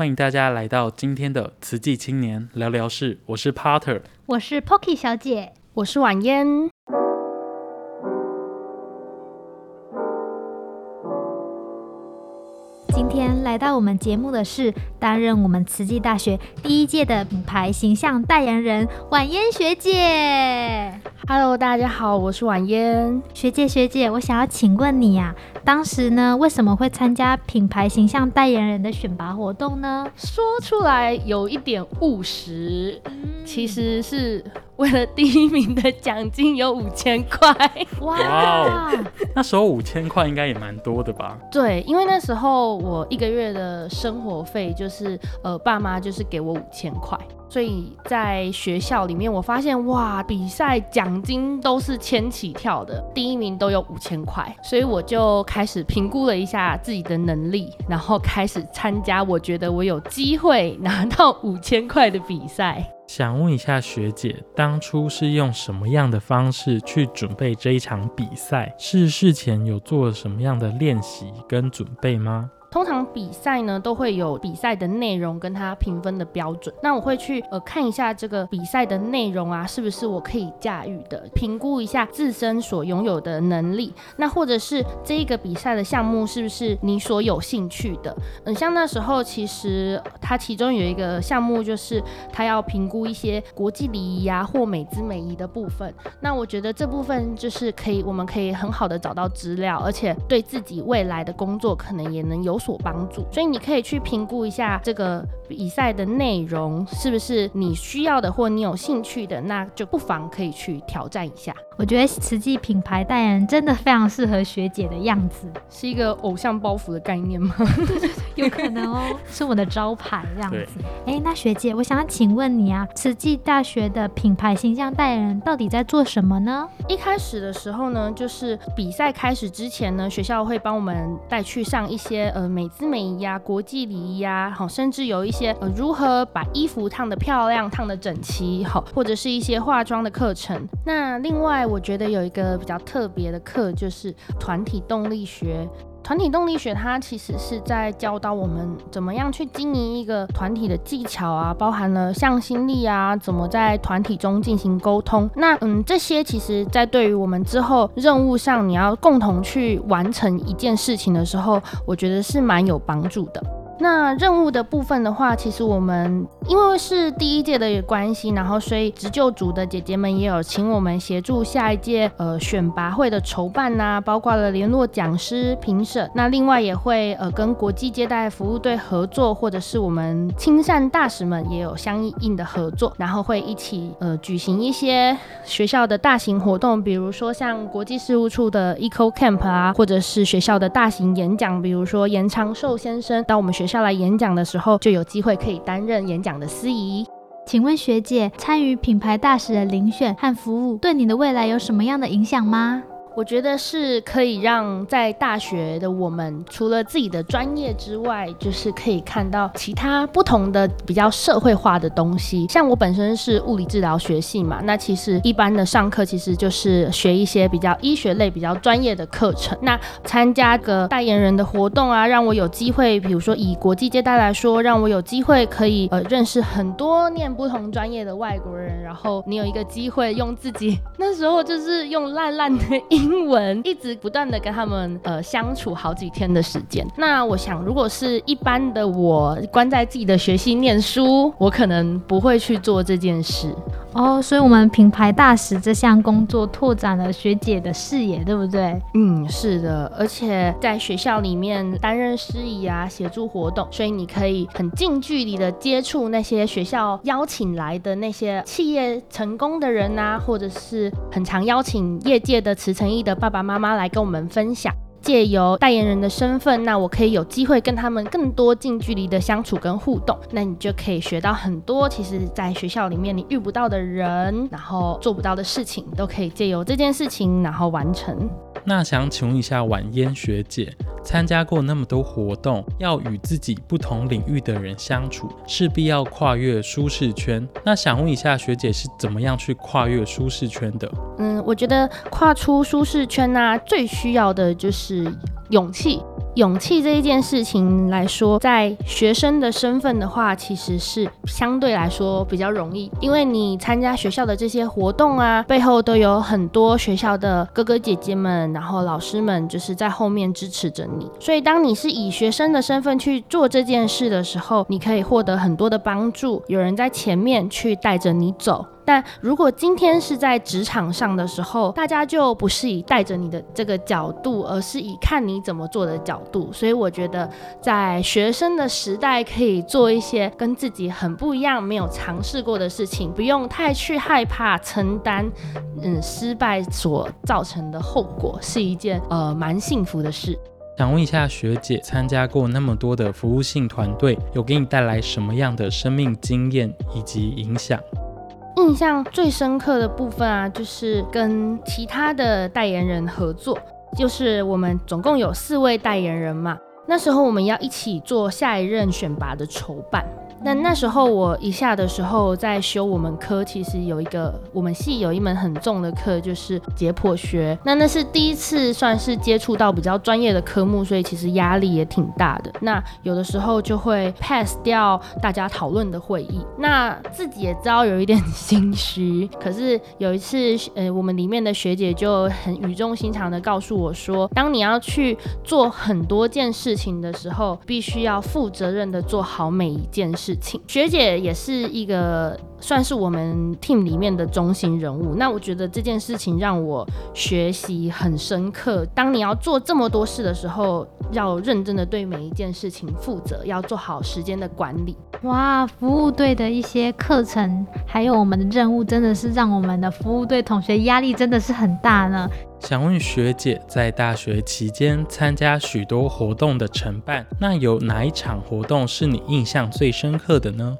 歡迎大家來到今天的《慈濟青年聊聊事》，我是 Potter，我是 Pocky 小姐，我是婉嫣。來到我們節目的是擔任我們慈濟大學第一屆的品牌形象代言人婉嫣學姐。Hello，大家好，我是婉嫣學姐。學姐，我想要請問你呀、啊，當時呢為什麼會參加品牌形象代言人的選拔活動呢？說出來有一點務實，嗯、其實是。為了第一名的獎金有五千塊，哇，Wow, 那時候五千塊應該也蠻多的吧？對，因為那時候我一個月的生活費就是，呃，爸媽就是給我五千塊。所以在學校裡面，我發現哇，比賽獎金都是千起跳的，第一名都有五千塊，所以我就開始評估了一下自己的能力，然後開始參加我覺得我有機會拿到五千塊的比賽。想問一下學姐，當初是用什麼樣的方式去準備這一場比賽？是事前有做什麼樣的練習跟準備嗎？通常比賽呢，都會有比賽的內容跟它評分的標準，那我會去呃看一下這個比賽的內容啊，是不是我可以駕馭的？評估一下自身所擁有的能力，那或者是這個比賽的項目是不是你所有興趣的？嗯、呃，像那時候其實它其中有一個項目就是它要評估一些國際禮儀啊或美姿美儀的部分，那我覺得這部分就是可以，我們可以很好的找到資料，而且對自己未來的工作可能也能有。所幫助，所以你可以去評估一下這個比賽的內容是不是你需要的或你有興趣的，那就不妨可以去挑戰一下。我覺得慈濟品牌代言人真的非常適合學姐的樣子，是一個偶像包袱的概念嗎？ 有可能哦，是我的招牌，這樣子。哎對、欸，那學姐，我想請問你啊，慈濟大學的品牌形象代言人到底在做什麼呢？一開始的時候呢，就是比賽開始之前呢，學校會幫我們帶去上一些呃美姿美儀呀、啊、國際禮儀呀，好，甚至有一些、呃、如何把衣服燙得漂亮、燙得整齊，好，或者是一些化妝的課程。那另外，我覺得有一個比較特別的課，就是團體動力學。團體動力學它其實是在教導我們怎麼樣去經營一個團體的技巧啊，包含了向心力啊，怎麼在團體中進行溝通。那嗯，這些其實在對於我們之後任務上，你要共同去完成一件事情的時候，我覺得是蠻有幫助的。那任務的部分的話，其實我們因為是第一屆的關係，然後所以職究組的姐姐們也有請我們協助下一屆呃選拔會的籌辦吶啊，包括了聯絡講師、評審。那另外也會呃跟國際接待服務隊合作，或者是我們親善大使們也有相應應的合作，然後會一起呃舉行一些學校的大型活動，比如說像國際事務處的 Eco Camp 啊，或者是學校的大型演講，比如說嚴長壽先生到我們學校。下來演講的時候，就有機會可以擔任演講的司儀。請問學姐，參與品牌大使的遴選和服務，對你的未來有什麼樣的影響嗎？我覺得是可以讓在大學的我們，除了自己的專業之外，就是可以看到其他不同的、比較社會化的東西。像我本身是物理治療學系嘛，那其實一般的上課其實就是學一些比較醫學類、比較專業的課程。那參加個代言人的活動啊，讓我有機會，比如說以國際接待來說，讓我有機會可以呃認識很多念不同專業的外國人。然後你有一個機會用自己 那時候就是用爛爛的。英文 一直不斷的跟他們呃相處好幾天的時間。那我想，如果是一般的我關在自己的學習念書，我可能不會去做這件事。哦，所以，我們品牌大使這項工作拓展了學姐的視野，對不對？嗯，是的。而且在學校裡面擔任司儀啊，協助活動，所以你可以很近距離的接觸那些學校邀請來的那些企業成功的人啊，或者是很常邀請業界的慈誠懿的爸爸媽媽來跟我們分享。借由代言人的身份，那我可以有機會跟他們更多近距離的相處跟互動，那你就可以學到很多，其實在學校裡面你遇不到的人，然後做不到的事情，都可以借由這件事情然後完成。那想請問一下婉嫣學姐，參加過那麼多活動，要與自己不同領域的人相處，勢必要跨越舒適圈。那想問一下學姐是怎麼樣去跨越舒適圈的？嗯。我覺得跨出舒適圈啊，最需要的就是勇氣。勇氣這一件事情來說，在學生的身份的話，其實是相對來說比較容易，因為你參加學校的這些活動啊，背後都有很多學校的哥哥姐姐們，然後老師們就是在後面支持着你。所以，當你是以學生的身份去做這件事的時候，你可以獲得很多的幫助，有人在前面去帶着你走。但如果今天是在職場上的時候，大家就不是以帶着你的這個角度，而是以看你怎麼做的角度。所以我覺得，在學生的時代，可以做一些跟自己很不一樣、沒有嘗試過的事情，不用太去害怕承擔，嗯，失敗所造成的後果，是一件呃蠻幸福的事。想問一下學姐，參加過那麼多的服務性團隊，有給你帶來什麼樣的生命經驗以及影響？印象最深刻的部分啊，就是跟其他的代言人合作，就是我們總共有四位代言人嘛，那時候我們要一起做下一任選拔的籌辦。那那時候我一下的時候在修我們科，其實有一個我們系有一門很重的課就是解剖學。那那是第一次算是接觸到比較專業的科目，所以其實壓力也挺大的。那有的時候就會 pass 掉大家討論的會議，那自己也知道有一點心虛。可是有一次，呃，我們裡面的學姐就很語重心長的告訴我說，當你要去做很多件事情的時候，必須要負責任的做好每一件事。學姐也是一個算是我們 team 裡面的中心人物。那我覺得這件事情讓我學習很深刻。當你要做這麼多事的時候，要認真的對每一件事情負責，要做好時間的管理。哇，服務隊的一些課程，還有我們的任務，真的是讓我們的服務隊同學壓力真的是很大呢。想問學姐，在大學期間參加許多活動的承辦，那有哪一場活動是你印象最深刻的呢？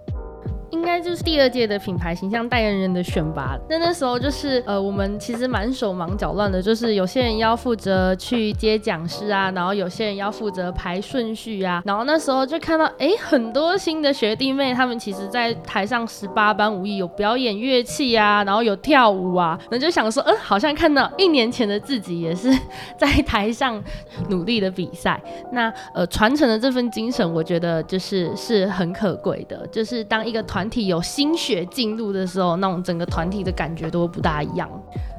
就是第二屆的品牌形象代言人的選拔。那那時候就是呃，我們其實蠻手忙腳亂的，就是有些人要負責去接講師啊，然後有些人要負責排順序啊。然後那時候就看到，哎、欸，很多新的學弟妹，他們其實在台上十八般武藝，有表演樂器啊，然後有跳舞啊。那就想說，嗯，好像看到一年前的自己也是在台上努力的比賽。那呃，傳承的這份精神，我覺得就是是很可貴的，就是當一個團體。有心血進入的時候，那我們整個團體的感覺都不大一樣。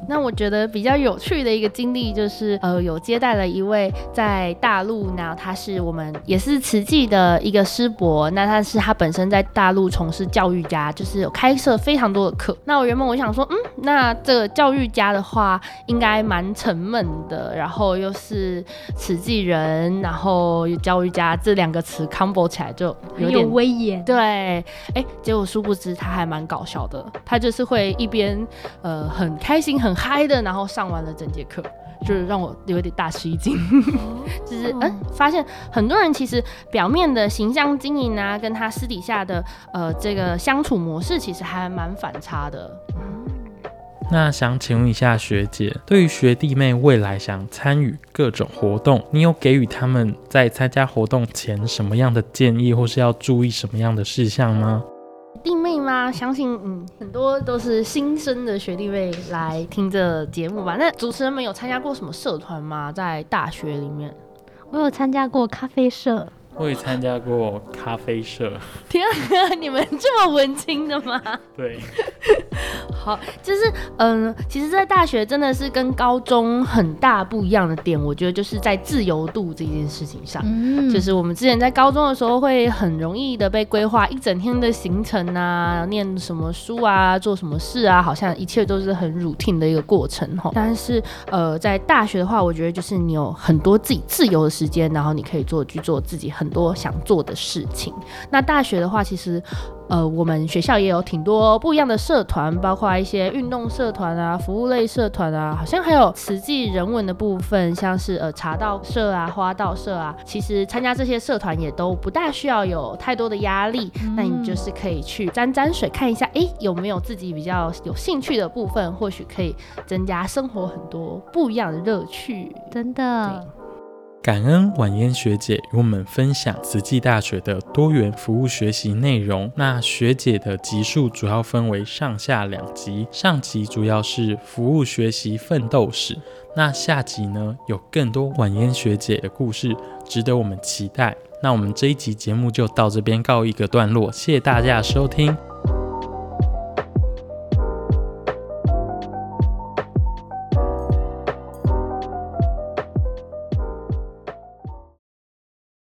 那我覺得比較有趣的一個經歷就是，呃，有接待了一位在大陸呢，然後他是我們也是慈濟的一個師伯。那他是他本身在大陸從事教育家，就是有開設非常多的課。那我原本我想說，嗯，那這個教育家的話應該蠻沉悶的，然後又是慈濟人，然後有教育家這兩個詞 combo 起來就有點很有威嚴。對，哎、欸，結果說。不知他還蠻搞笑的，他就是會一邊呃很開心很嗨的，然後上完了整節課，就是讓我有點大吃一驚。 就是嗯、呃，發現很多人其實表面的形象經營啊，跟他私底下的呃這個相處模式其實還蠻反差的。那想請問一下學姐，對於學弟妹未來想參與各種活動，你有給予他們在參加活動前什麼樣的建議，或是要注意什麼樣的事項嗎？弟妹嗎？相信嗯很多都是新生的學弟妹來聽這節目吧。那主持人們有參加過什麼社團嗎？在大學裡面，我有參加過咖啡社，我也參加過咖啡社。 天啊，你們這麼文青的嗎？ 對。好，就是嗯，其實，在大學真的是跟高中很大不一樣的點，我覺得就是在自由度這件事情上。嗯，就是我們之前在高中的時候，會很容易的被規劃一整天的行程啊，念什麼書啊，做什麼事啊，好像一切都是很 routine 的一個過程哈。但是，呃，在大學的話，我覺得就是你有很多自己自由的時間，然後你可以做去做自己很多想做的事情。那大學的話，其實。呃，我們學校也有挺多不一樣的社團，包括一些運動社團啊、服務類社團啊，好像還有慈濟人文的部分，像是呃茶道社啊、花道社啊。其實參加這些社團也都不大需要有太多的壓力，嗯、那你就是可以去沾沾水，看一下，哎、欸，有沒有自己比較有興趣的部分，或許可以增加生活很多不一樣的樂趣，真的。感恩婉嫣學姐與我們分享慈濟大學的多元服務學習內容。那學姐的集數主要分為上下兩集，上集主要是服務學習奮鬥史，那下集呢，有更多婉嫣學姐的故事，值得我們期待。那我們這一集節目就到這邊告一個段落，謝謝大家收聽。